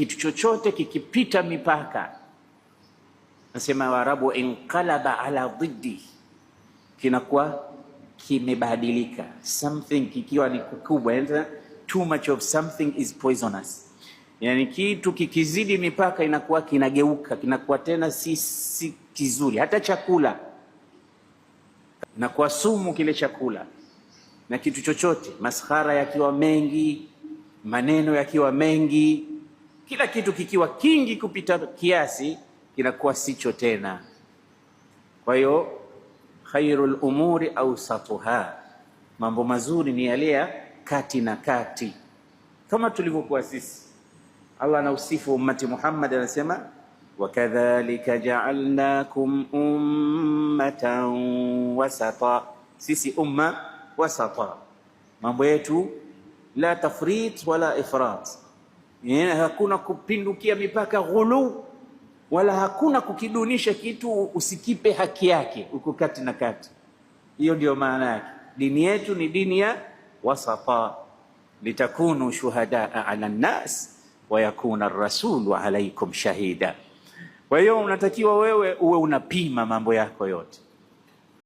Kitu chochote kikipita mipaka, nasema Waarabu, inqalaba ala dhiddi, kinakuwa kimebadilika. Something kikiwa ni kikubwa, yaani too much of something is poisonous. Yani kitu kikizidi mipaka inakuwa kinageuka, kinakuwa tena si, si kizuri. Hata chakula inakuwa sumu kile chakula, na kitu chochote, maskhara yakiwa mengi, maneno yakiwa mengi kila kitu kikiwa kingi kupita kiasi kinakuwa sicho tena. Kwa hiyo khairul umuri ausatuha, mambo mazuri ni yale ya kati na kati, kama tulivyokuwa sisi. Allah anausifu ummati Muhammad, anasema wakadhalika ja'alnakum ummatan wasata, sisi umma wasata, mambo yetu la tafrit wala ifrat yeah, hakuna kupindukia mipaka ghuluu, wala hakuna kukidunisha kitu usikipe haki yake, uko kati na kati. Hiyo ndio maana yake. Dini yetu ni dini ya wasata, litakunu shuhadaa ala nnas wa yakuna rasulu alaikum shahida. Kwa hiyo unatakiwa wewe uwe unapima mambo yako yote.